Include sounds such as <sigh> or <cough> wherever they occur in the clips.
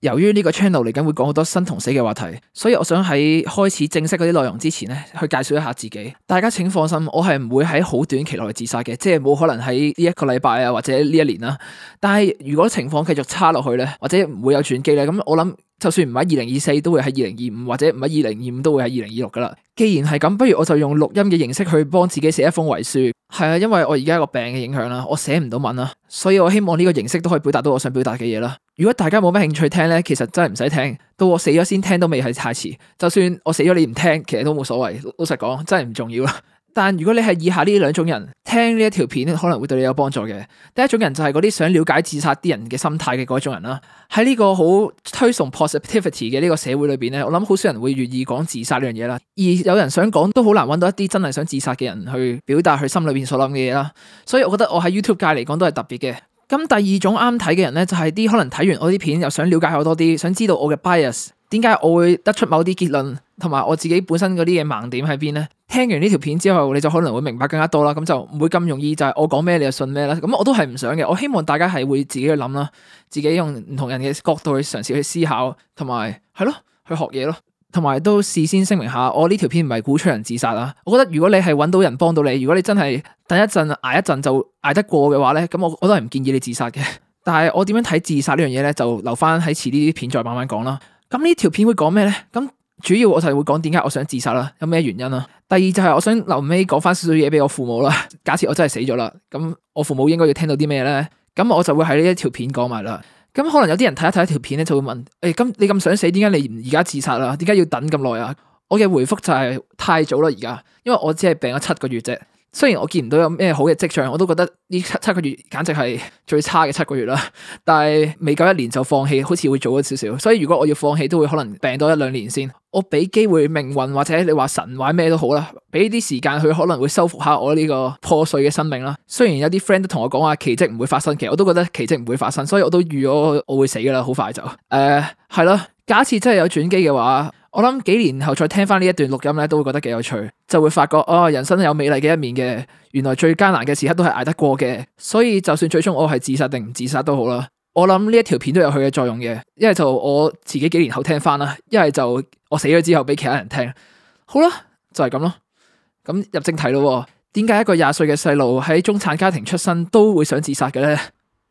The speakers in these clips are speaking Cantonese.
由於呢個 channel 嚟緊會講好多生同死嘅話題，所以我想喺開始正式嗰啲內容之前咧，去介紹一下自己。大家請放心，我係唔會喺好短期內自殺嘅，即係冇可能喺呢一個禮拜啊或者呢一年啦。但係如果情況繼續差落去咧，或者唔會有轉機咧，咁我諗。就算唔喺二零二四，都會喺二零二五，或者唔喺二零二五，都會喺二零二六噶啦。既然係咁，不如我就用錄音嘅形式去幫自己寫一封遺書。係啊，因為我而家有個病嘅影響啦，我寫唔到文啦，所以我希望呢個形式都可以表達到我想表達嘅嘢啦。如果大家冇咩興趣聽咧，其實真係唔使聽，到我死咗先聽都未係太遲。就算我死咗你唔聽，其實都冇所謂。老實講，真係唔重要啦。但如果你係以下呢兩種人，聽呢一條片可能會對你有幫助嘅。第一種人就係嗰啲想了解自殺啲人嘅心態嘅嗰種人啦。喺呢個好推崇 positivity 嘅呢個社會裏邊咧，我諗好少人會願意講自殺呢樣嘢啦。而有人想講都好難揾到一啲真係想自殺嘅人去表達佢心裏邊所諗嘅嘢啦。所以我覺得我喺 YouTube 界嚟講都係特別嘅。咁第二種啱睇嘅人咧，就係啲可能睇完我啲片又想了解我多啲，想知道我嘅 bias，點解我會得出某啲結論。同埋我自己本身嗰啲嘢盲點喺邊咧？聽完呢條片之後，你就可能會明白更加多啦。咁就唔會咁容易就係、是、我講咩你就信咩啦。咁、嗯、我都係唔想嘅。我希望大家係會自己去諗啦，自己用唔同人嘅角度去嘗試去思考，同埋係咯去學嘢咯。同埋都事先聲明下，我呢條片唔係鼓吹人自殺啦、啊。我覺得如果你係揾到人幫到你，如果你真係等一陣挨一陣就挨得過嘅話咧，咁我我都係唔建議你自殺嘅。但係我點樣睇自殺呢樣嘢咧，就留翻喺遲啲啲片再慢慢講啦。咁呢條片會講咩咧？咁、嗯主要我就會講點解我想自殺啦，有咩原因啦、啊？第二就係我想留尾講翻少少嘢俾我父母啦。 <laughs> 假設我真係死咗啦，咁我父母應該要聽到啲咩咧？咁我就會喺呢一條片講埋啦。咁可能有啲人睇一睇呢條片咧，就會問：誒、哎，咁你咁想死，點解你唔而家自殺啦？點解要等咁耐啊？我嘅回覆就係太早啦而家，因為我只係病咗七個月啫。雖然我見唔到有咩好嘅跡象，我都覺得呢七七個月簡直係最差嘅七個月啦。但係未夠一年就放棄，好似會早咗少少。所以如果我要放棄，都會可能病多一兩年先。我俾機會命運或者你話神話咩都好啦，俾啲時間佢可能會修復下我呢個破碎嘅生命啦。雖然有啲 friend 都同我講話奇蹟唔會發生嘅，其實我都覺得奇蹟唔會發生。所以我都預咗我會死噶啦，好快就誒係咯。假設真係有轉機嘅話。我諗幾年後再聽翻呢一段錄音咧，都會覺得幾有趣，就會發覺哦，人生有美麗嘅一面嘅，原來最艱難嘅時刻都係捱得過嘅，所以就算最終我係自殺定唔自殺都好啦。我諗呢一條片都有佢嘅作用嘅，一係就我自己幾年後聽翻啦，一係就我死咗之後俾其他人聽，好啦，就係咁咯。咁入正題咯，點解一個廿歲嘅細路喺中產家庭出身都會想自殺嘅咧？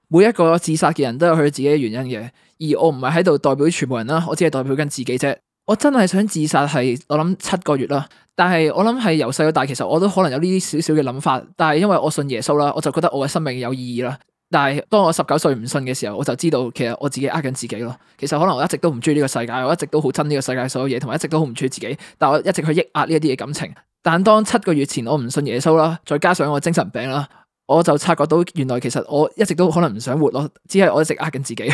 每一個自殺嘅人都有佢自己嘅原因嘅，而我唔係喺度代表全部人啦，我只係代表緊自己啫。我真係想自殺，係我諗七個月啦。但係我諗係由細到大，其實我都可能有呢啲少少嘅諗法。但係因為我信耶穌啦，我就覺得我嘅生命有意義啦。但係當我十九歲唔信嘅時候，我就知道其實我自己呃緊自己咯。其實可能我一直都唔中意呢個世界，我一直都好憎呢個世界所有嘢，同埋一直都好唔中意自己。但我一直去抑壓呢一啲嘅感情。但當七個月前我唔信耶穌啦，再加上我精神病啦，我就察覺到原來其實我一直都可能唔想活咯，只係我一直呃緊自己。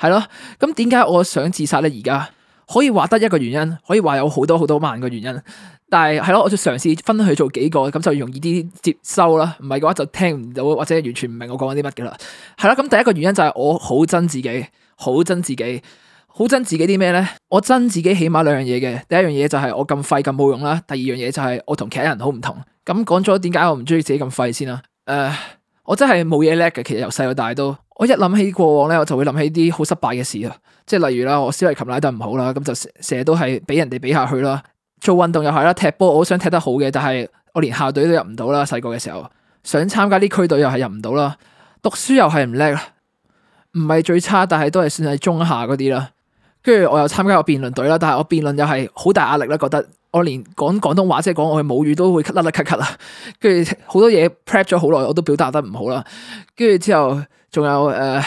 係 <laughs> 咯，咁點解我想自殺咧？而家？可以話得一個原因，可以話有好多好多萬個原因，但係係咯，我就嘗試分去做幾個，咁就容易啲接收啦。唔係嘅話就聽唔到，或者完全唔明我講緊啲乜嘅啦。係啦，咁第一個原因就係我好憎自己，好憎自己，好憎自己啲咩咧？我憎自己起碼兩樣嘢嘅，第一樣嘢就係我咁廢咁冇用啦，第二樣嘢就係我同其他人好唔同。咁講咗點解我唔中意自己咁廢先啦？誒、呃，我真係冇嘢叻嘅，其實由細到大都，我一諗起過往咧，我就會諗起啲好失敗嘅事啊。即係例如啦，我小提琴拉得唔好啦，咁就成日都係俾人哋比下去啦。做運動又係啦，踢波我都想踢得好嘅，但係我連校隊都入唔到啦。細個嘅時候想參加呢區隊又係入唔到啦。讀書又係唔叻，唔係最差，但係都係算係中下嗰啲啦。跟住我又參加過辯論隊啦，但係我辯論又係好大壓力啦。覺得我連講廣東話即係講我嘅母語都會甩甩咳咳啦。跟住好多嘢 prep 咗好耐，我都表達得唔好啦。跟住之後仲有誒。呃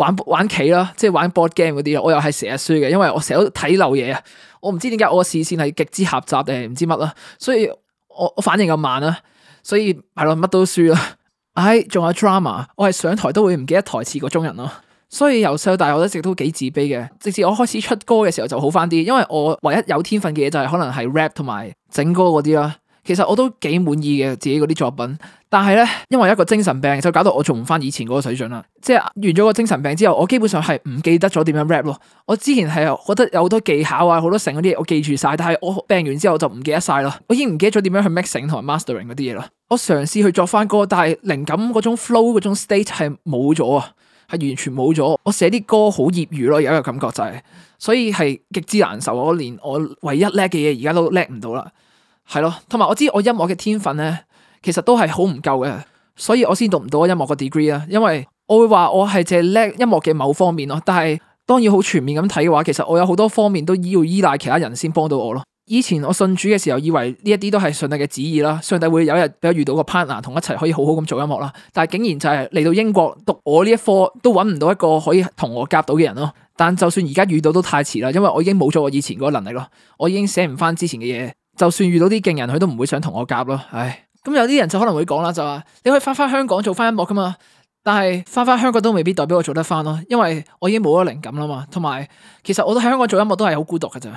玩玩棋啦，即係玩 board game 嗰啲，我又係成日輸嘅，因為我成日都睇漏嘢啊。我唔知點解我視線係極之狹窄定係唔知乜啦。所以我我反應咁慢啦。所以係咯，乜、啊、都輸啦。唉、哎，仲有 drama，我係上台都會唔記得台詞嗰種人咯。所以由細到大我一直都幾自卑嘅。直至我開始出歌嘅時候就好翻啲，因為我唯一有天分嘅嘢就係可能係 rap 同埋整歌嗰啲啦。其實我都幾滿意嘅自己嗰啲作品，但係咧，因為一個精神病就搞到我做唔翻以前嗰個水準啦。即係完咗個精神病之後，我基本上係唔記得咗點樣 rap 咯。我之前係覺得有好多技巧啊，好多成嗰啲嘢我記住晒，但係我病完之後就唔記得晒咯。我已經唔記得咗點樣去 mixing 同埋 mastering 嗰啲嘢咯。我嘗試去作翻歌，但係靈感嗰種 flow 嗰種 state 係冇咗啊，係完全冇咗。我寫啲歌好業餘咯，而家嘅感覺就係，所以係極之難受。我連我唯一叻嘅嘢而家都叻唔到啦。係咯，同埋我知我音樂嘅天分咧，其實都係好唔夠嘅，所以我先讀唔到音樂嘅 degree 啊，因為我會話我係淨係叻音樂嘅某方面咯，但係當然好全面咁睇嘅話，其實我有好多方面都要依賴其他人先幫到我咯。以前我信主嘅時候，以為呢一啲都係上帝嘅旨意啦，上帝會有一日俾我遇到個 partner 同一齊可以好好咁做音樂啦。但係竟然就係嚟到英國讀我呢一科都揾唔到一個可以同我夾到嘅人咯。但就算而家遇到都太遲啦，因為我已經冇咗我以前嗰個能力咯，我已經寫唔翻之前嘅嘢。就算遇到啲勁人，佢都唔會想同我夾咯。唉，咁有啲人就可能會講啦，就話你可以翻返香港做翻音樂噶嘛。但係翻返香港都未必代表我做得翻咯，因為我已經冇咗靈感啦嘛。同埋，其實我覺得喺香港做音樂都係好孤獨噶咋。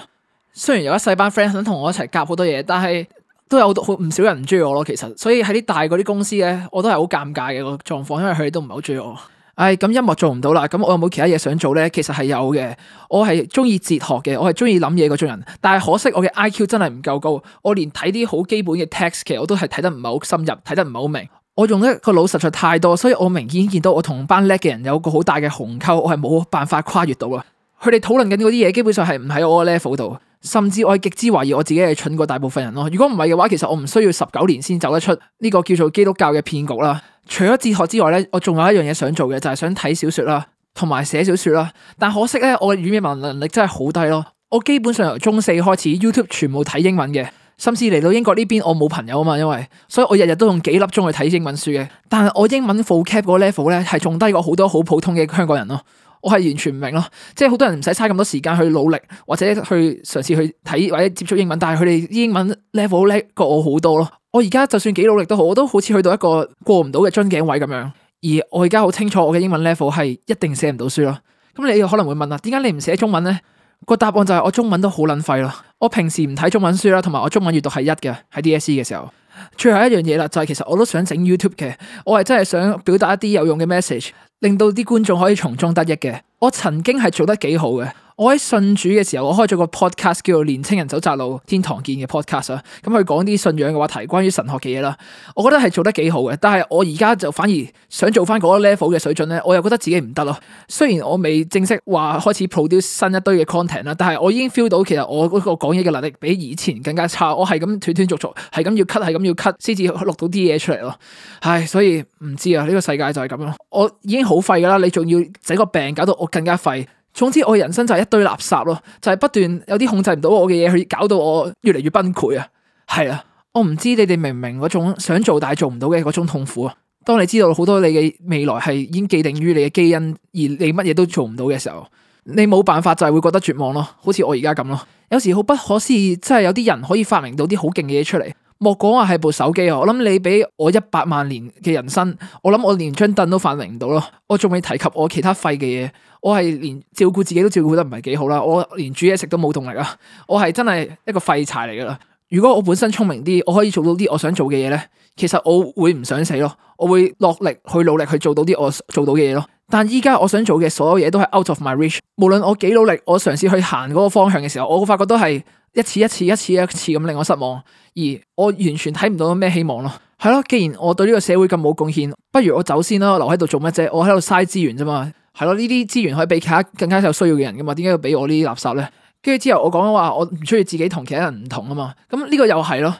雖然有一世班 friend 想同我一齊夾好多嘢，但係都有好唔少人唔中意我咯。其實，所以喺啲大嗰啲公司咧，我都係好尷尬嘅個狀況，因為佢哋都唔係好中意我。唉，咁、哎、音樂做唔到啦。咁我有冇其他嘢想做咧？其實係有嘅。我係中意哲學嘅，我係中意諗嘢嗰種人。但係可惜我嘅 IQ 真係唔夠高，我連睇啲好基本嘅 text 其實我都係睇得唔係好深入，睇得唔係好明。我用得個腦實在太多，所以我明顯見到我同班叻嘅人有個好大嘅鴻溝，我係冇辦法跨越到啦。佢哋討論緊嗰啲嘢，基本上係唔喺我 level 度。甚至我係極之懷疑我自己係蠢過大部分人咯。如果唔係嘅話，其實我唔需要十九年先走得出呢個叫做基督教嘅騙局啦。除咗哲學之外咧，我仲有一樣嘢想做嘅，就係、是、想睇小說啦，同埋寫小說啦。但可惜咧，我語文能力真係好低咯。我基本上由中四開始 YouTube 全部睇英文嘅，甚至嚟到英國呢邊，我冇朋友啊嘛，因為所以我日日都用幾粒鐘去睇英文書嘅。但係我英文 vocab 個 level 咧，係仲低過好多好普通嘅香港人咯。我係完全唔明咯，即係好多人唔使嘥咁多時間去努力或者去嘗試去睇或者接觸英文，但係佢哋英文 level 好叻過我好多咯。我而家就算幾努力都好，我都好似去到一個過唔到嘅樽頸位咁樣。而我而家好清楚，我嘅英文 level 係一定寫唔到書咯。咁你可能會問啦、啊，點解你唔寫中文呢？個答案就係我中文都好撚廢咯。我平時唔睇中文書啦，同埋我中文閱讀係一嘅，喺 DSE 嘅時候。最後一樣嘢啦，就係其實我都想整 YouTube 嘅。我係真係想表達一啲有用嘅 message，令到啲觀眾可以從中得益嘅。我曾經係做得幾好嘅。我喺信主嘅時候，我開咗個 podcast 叫做《年輕人走窄路，天堂見》嘅 podcast 啊，咁佢講啲信仰嘅話題，關於神學嘅嘢啦。我覺得係做得幾好嘅，但係我而家就反而想做翻嗰 level 嘅水準咧，我又覺得自己唔得咯。雖然我未正式話開始 produce 新一堆嘅 content 啦，但係我已經 feel 到，其實我嗰個講嘢嘅能力比以前更加差。我係咁斷斷續續，係咁要 cut，係咁要 cut，先至錄到啲嘢出嚟咯。唉，所以唔知啊，呢個世界就係咁咯。我已經好廢噶啦，你仲要整個病搞到我更加廢。總之我人生就係一堆垃圾咯，就係、是、不斷有啲控制唔到我嘅嘢去搞到我越嚟越崩潰啊！係啊，我唔知你哋明唔明嗰種想做但係做唔到嘅嗰種痛苦啊！當你知道好多你嘅未來係已經既定於你嘅基因，而你乜嘢都做唔到嘅時候，你冇辦法就係會覺得絕望咯，好似我而家咁咯。有時好不可思議，真係有啲人可以發明到啲好勁嘅嘢出嚟。莫講話係部手機啊。我諗你俾我一百萬年嘅人生，我諗我連張凳都發明唔到咯。我仲未提及我其他廢嘅嘢，我係連照顧自己都照顧得唔係幾好啦。我連煮嘢食都冇動力啊。我係真係一個廢柴嚟噶啦。如果我本身聰明啲，我可以做到啲我想做嘅嘢咧，其實我會唔想死咯。我會落力去努力去做到啲我做到嘅嘢咯。但依家我想做嘅所有嘢都係 out of my reach，無論我幾努力，我嘗試去行嗰個方向嘅時候，我會發覺都係一次一次一次一次咁令我失望，而我完全睇唔到咩希望咯。係咯，既然我對呢個社會咁冇貢獻，不如我走先啦，留喺度做乜啫？我喺度嘥資源啫嘛。係咯，呢啲資源可以俾其他更加有需要嘅人噶嘛？點解要俾我呢啲垃圾咧？跟住之後我講嘅話，我唔鍾意自己同其他人唔同啊嘛。咁呢個又係咯，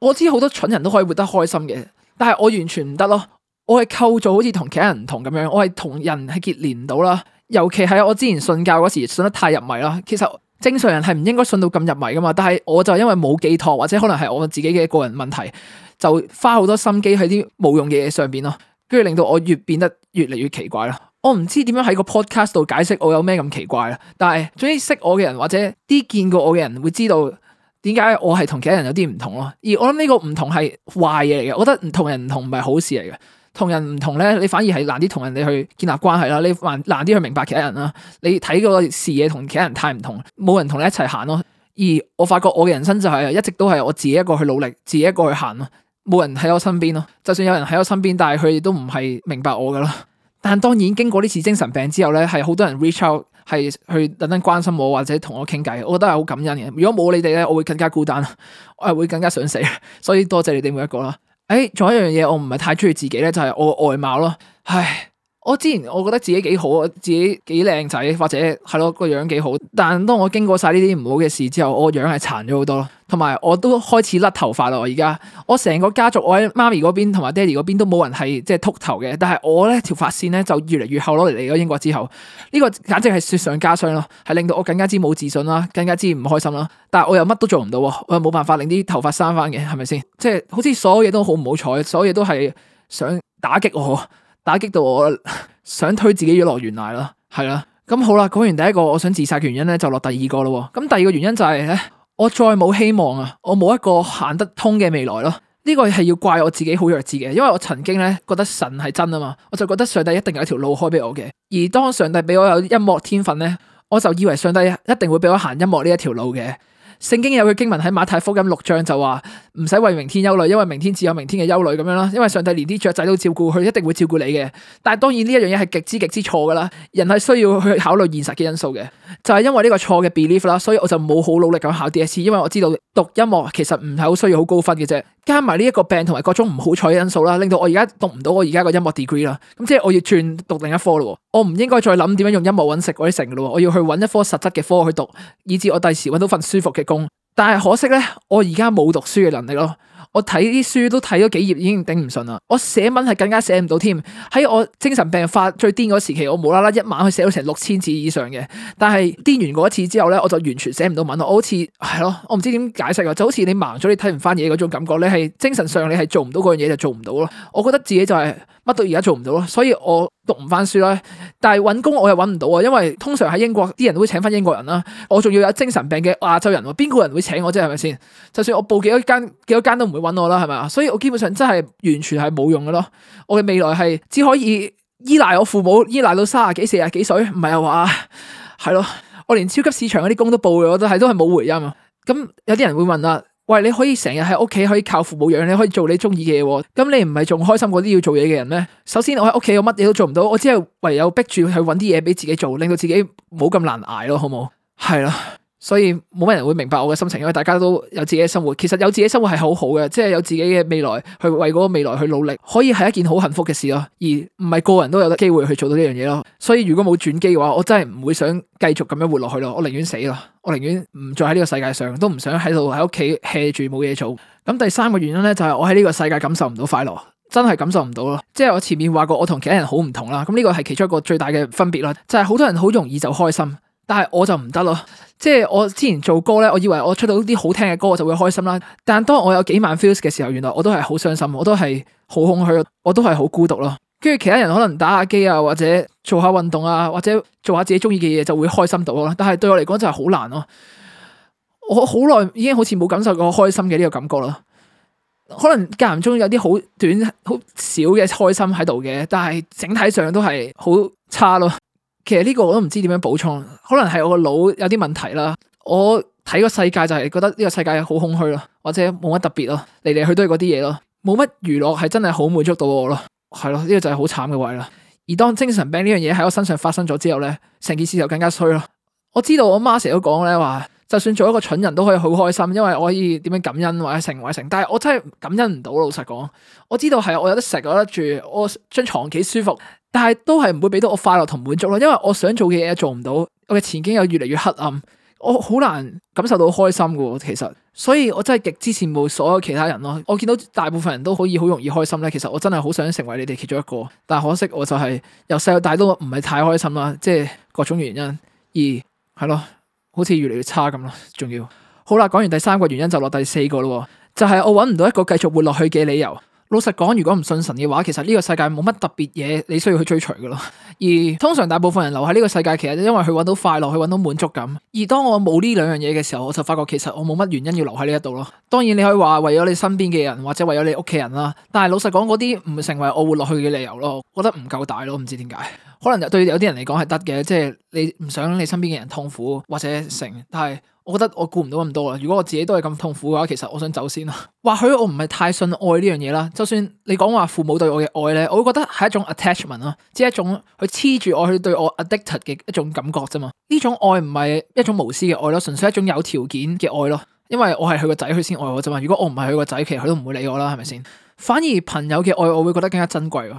我知好多蠢人都可以活得開心嘅，但係我完全唔得咯。我係構造好似同其他人唔同咁樣，我係同人係結連唔到啦。尤其係我之前信教嗰時信得太入迷啦。其實正常人係唔應該信到咁入迷噶嘛。但係我就因為冇寄託，或者可能係我自己嘅個人問題，就花好多心機喺啲冇用嘅嘢上邊咯。跟住令到我越變得越嚟越奇怪啦。我唔知點樣喺個 podcast 度解釋我有咩咁奇怪啦。但係總之識我嘅人或者啲見過我嘅人會知道點解我係同其他人有啲唔同咯。而我諗呢個唔同係壞嘢嚟嘅，我覺得唔同人唔同唔係好事嚟嘅。人同人唔同咧，你反而係難啲同人哋去建立關係啦，你還難啲去明白其他人啦。你睇個視野同其他人太唔同，冇人同你一齊行咯。而我發覺我嘅人生就係、是、一直都係我自己一個去努力，自己一個去行咯、啊，冇人喺我身邊咯、啊。就算有人喺我身邊，但係佢哋都唔係明白我噶咯。但係當然經過呢次精神病之後咧，係好多人 reach out 係去特登關心我或者同我傾偈，我覺得係好感恩嘅。如果冇你哋咧，我會更加孤單，我係會更加想死。所以多謝你哋每一個啦。誒，仲有一樣嘢我唔係太中意自己咧，就係我外貌咯，唉。我之前我覺得自己幾好，我自己幾靚仔，或者係咯個樣幾好。但係當我經過晒呢啲唔好嘅事之後，我個樣係殘咗好多咯。同埋我都開始甩頭髮啦。我而家我成個家族，我喺媽咪嗰邊同埋爹哋嗰邊都冇人係即係禿頭嘅。但係我咧條髮線咧就越嚟越後。落嚟嚟咗英國之後，呢個簡直係雪上加霜咯，係令到我更加之冇自信啦，更加之唔開心啦。但係我又乜都做唔到喎，我又冇辦法令啲頭髮生翻嘅，係咪先？即係好似所有嘢都好唔好彩，所有嘢都係想打擊我。打擊到我， <laughs> 想推自己要落懸崖咯，係啦。咁好啦，講完第一個，我想自殺嘅原因咧，就落第二個咯。咁第二個原因就係咧，我再冇希望啊，我冇一個行得通嘅未來咯。呢個係要怪我自己好弱智嘅，因為我曾經咧覺得神係真啊嘛，我就覺得上帝一定有條路開俾我嘅。而當上帝俾我有音樂天分咧，我就以為上帝一定會俾我行音樂呢一條路嘅。聖經有句經文喺馬太福音六章就話，唔使為明天憂慮，因為明天自有明天嘅憂慮咁樣啦。因為上帝連啲雀仔都照顧，佢一定會照顧你嘅。但係當然呢一樣嘢係極之極之錯噶啦。人係需要去考慮現實嘅因素嘅，就係、是、因為呢個錯嘅 belief 啦，所以我就冇好努力咁考 DSE，因為我知道讀音樂其實唔係好需要好高分嘅啫。加埋呢一個病同埋各種唔好彩嘅因素啦，令到我而家讀唔到我而家個音樂 degree 啦。咁即係我要轉讀另一科咯。我唔應該再諗點樣用音樂揾食嗰啲成咯，我要去揾一科實質嘅科去讀，以至我第時揾到份舒服嘅工。但係可惜咧，我而家冇讀書嘅能力咯。我睇啲書都睇咗幾頁，已經頂唔順啦。我寫文係更加寫唔到添。喺我精神病發最癲嗰時期，我無啦啦一晚去寫到成六千字以上嘅。但係癲完嗰一次之後咧，我就完全寫唔到文咯。我好似係咯，我唔知點解釋啊。就好似你盲咗，你睇唔翻嘢嗰種感覺，你係精神上你係做唔到嗰樣嘢就做唔到咯。我覺得自己就係乜都而家做唔到咯。所以我讀唔翻書啦。但係搵工我又搵唔到啊，因為通常喺英國啲人都會請翻英國人啦。我仲要有精神病嘅亞洲人，邊個人會請我啫？係咪先？就算我報幾多間幾多間都。唔會揾我啦，係咪啊？所以我基本上真係完全係冇用嘅咯。我嘅未來係只可以依賴我父母，依賴到卅幾四啊幾歲，唔係啊話係咯。我連超級市場嗰啲工都報咗，我都係都係冇回音啊。咁有啲人會問啦，喂，你可以成日喺屋企可以靠父母養你，你可以做你中意嘅嘢，咁你唔係仲開心過啲要做嘢嘅人咩？首先我喺屋企我乜嘢都做唔到，我只係唯有逼住去揾啲嘢俾自己做，令到自己冇咁難捱咯，好冇？係啦。所以冇乜人會明白我嘅心情，因為大家都有自己嘅生活。其實有自己嘅生活係好好嘅，即係有自己嘅未來去為嗰個未來去努力，可以係一件好幸福嘅事咯。而唔係個人都有得機會去做到呢樣嘢咯。所以如果冇轉機嘅話，我真係唔會想繼續咁樣活落去咯。我寧願死咯，我寧願唔再喺呢個世界上，都唔想喺度喺屋企 hea 住冇嘢做。咁第三個原因咧，就係我喺呢個世界感受唔到快樂，真係感受唔到咯。即係我前面話過，我同其他人好唔同啦。咁呢個係其中一個最大嘅分別啦，就係好多人好容易就開心。但係我就唔得咯，即係我之前做歌咧，我以為我出到啲好聽嘅歌，我就會開心啦。但係當我有幾萬 feels 嘅時候，原來我都係好傷心，我都係好空虛，我都係好孤獨咯。跟住其他人可能打下機啊，或者做下運動啊，或者做下自己中意嘅嘢，就會開心到咯。但係對我嚟講就係好難咯。我好耐已經好似冇感受過開心嘅呢個感覺咯。可能間唔中有啲好短，好少嘅開心喺度嘅，但係整體上都係好差咯。其實呢個我都唔知點樣補充，可能係我個腦有啲問題啦。我睇個世界就係覺得呢個世界好空虛咯，或者冇乜特別咯，嚟嚟去都係嗰啲嘢咯，冇乜娛樂係真係好滿足到我咯，係咯，呢個就係好慘嘅位啦。而當精神病呢樣嘢喺我身上發生咗之後咧，成件事就更加衰咯。我知道我媽成日都講咧話。就算做一個蠢人都可以好開心，因為我可以點樣感恩或者成為成，但係我真係感恩唔到，老實講，我知道係我有得食，有得住，我張床幾舒服，但係都係唔會俾到我快樂同滿足咯，因為我想做嘅嘢做唔到，我嘅前景又越嚟越黑暗，我好難感受到開心噶喎，其實，所以我真係極之羨慕所有其他人咯。我見到大部分人都可以好容易開心咧，其實我真係好想成為你哋其中一個，但可惜我就係由細到大都唔係太開心啦，即係各種原因，而係咯。好似越嚟越差咁咯，仲要好啦。講完第三個原因就落第四個咯，喎，就係我揾唔到一個繼續活落去嘅理由。老實講，如果唔信神嘅話，其實呢個世界冇乜特別嘢你需要去追隨㗎咯。而通常大部分人留喺呢個世界，其實都因為佢揾到快樂，佢揾到滿足感。而當我冇呢兩樣嘢嘅時候，我就發覺其實我冇乜原因要留喺呢一度咯。當然你可以話為咗你身邊嘅人或者為咗你屋企人啦，但係老實講，嗰啲唔成為我活落去嘅理由咯，我覺得唔夠大咯，唔知點解。可能對有啲人嚟講係得嘅，即係你唔想你身邊嘅人痛苦或者成，但係我覺得我顧唔到咁多啦。如果我自己都係咁痛苦嘅話，其實我想走先啦。或 <laughs> 許我唔係太信愛呢樣嘢啦。就算你講話父母對我嘅愛咧，我會覺得係一種 attachment 啦，即係一種佢黐住我去對我 addicted 嘅一種感覺啫嘛。呢種愛唔係一種無私嘅愛咯，純粹一種有條件嘅愛咯。因為我係佢個仔，佢先愛我啫嘛。如果我唔係佢個仔，其實佢都唔會理我啦，係咪先？反而朋友嘅愛，我會覺得更加珍貴。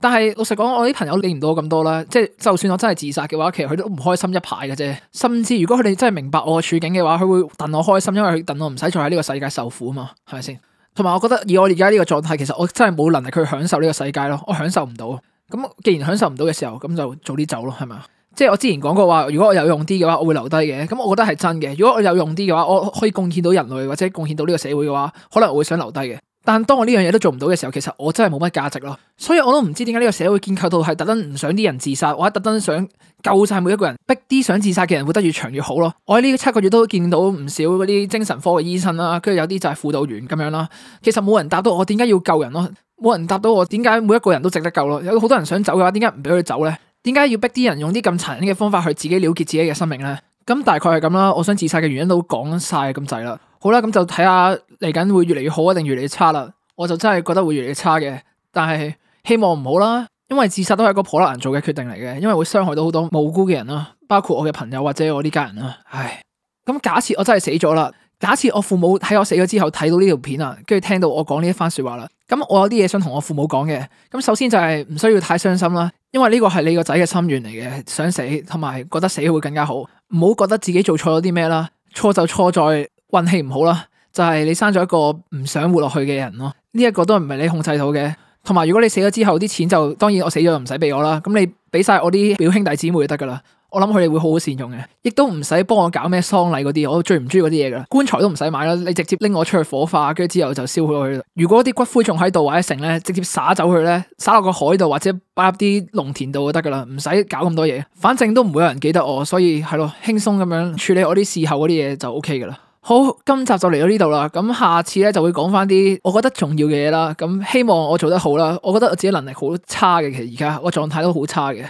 但係老實講，我啲朋友理唔到我咁多啦。即係就算我真係自殺嘅話，其實佢都唔開心一排嘅啫。甚至如果佢哋真係明白我嘅處境嘅話，佢會戥我開心，因為佢戥我唔使再喺呢個世界受苦啊嘛，係咪先？同埋，我覺得以我而家呢個狀態，其實我真係冇能力去享受呢個世界咯，我享受唔到。咁既然享受唔到嘅時候，咁就早啲走咯，係嘛？即係我之前講過話，如果我有用啲嘅話，我會留低嘅。咁我覺得係真嘅。如果我有用啲嘅話，我可以貢獻到人類或者貢獻到呢個社會嘅話，可能我會想留低嘅。但係當我呢樣嘢都做唔到嘅時候，其實我真係冇乜價值咯。所以我都唔知點解呢個社會建構到係特登唔想啲人自殺，或者特登想救晒每一個人，逼啲想自殺嘅人活得越長越好咯。我喺呢七個月都見到唔少嗰啲精神科嘅醫生啦，跟住有啲就係輔導員咁樣啦。其實冇人答到我點解要救人咯，冇人答到我點解每一個人都值得救咯。有好多人想走嘅話，點解唔俾佢走咧？點解要逼啲人用啲咁殘忍嘅方法去自己了結自己嘅生命咧？咁大概係咁啦。我想自殺嘅原因都講晒咁滯啦。好啦，咁就睇下。嚟緊會越嚟越好啊，定越嚟越差啦？我就真係覺得會越嚟越差嘅，但係希望唔好啦。因為自殺都係一個頗難做嘅決定嚟嘅，因為會傷害到好多無辜嘅人啦，包括我嘅朋友或者我呢家人啦。唉，咁假設我真係死咗啦，假設我父母喺我死咗之後睇到呢條片啊，跟住聽到我講呢一番說話啦，咁我有啲嘢想同我父母講嘅。咁首先就係唔需要太傷心啦，因為呢個係你個仔嘅心願嚟嘅，想死同埋覺得死會更加好，唔好覺得自己做錯咗啲咩啦，錯就錯在運氣唔好啦。就係你生咗一個唔想活落去嘅人咯，呢一個都唔係你控制到嘅。同埋如果你死咗之後啲錢就，當然我死咗就唔使俾我啦。咁你俾晒我啲表兄弟姊妹就得噶啦。我諗佢哋會好好善用嘅，亦都唔使幫我搞咩喪禮嗰啲，我最唔中意嗰啲嘢啦。棺材都唔使買啦，你直接拎我出去火化，跟住之後就燒咗佢。如果啲骨灰仲喺度或者剩咧，直接撒走佢咧，撒落個海度或者擺入啲農田度就得噶啦，唔使搞咁多嘢。反正都唔會有人記得我，所以係咯，輕鬆咁樣處理我啲事後嗰啲嘢就 OK 噶啦。好，今集就嚟到呢度啦。咁下次咧就會講翻啲我覺得重要嘅嘢啦。咁希望我做得好啦。我覺得我自己能力好差嘅，其實而家我狀態都好差嘅。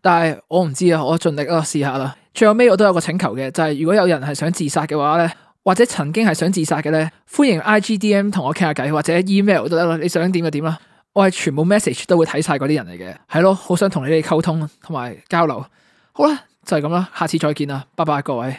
但係我唔知啊，我盡力咯，試下啦。最後尾我都有個請求嘅，就係如果有人係想自殺嘅話咧，或者曾經係想自殺嘅咧，歡迎 I G D M 同我傾下偈，或者 email 都得啦。你想點就點啦。我係全部 message 都會睇晒嗰啲人嚟嘅。係咯，好想同你哋溝通同埋交流。好啦，就係咁啦，下次再見啦，拜拜各位。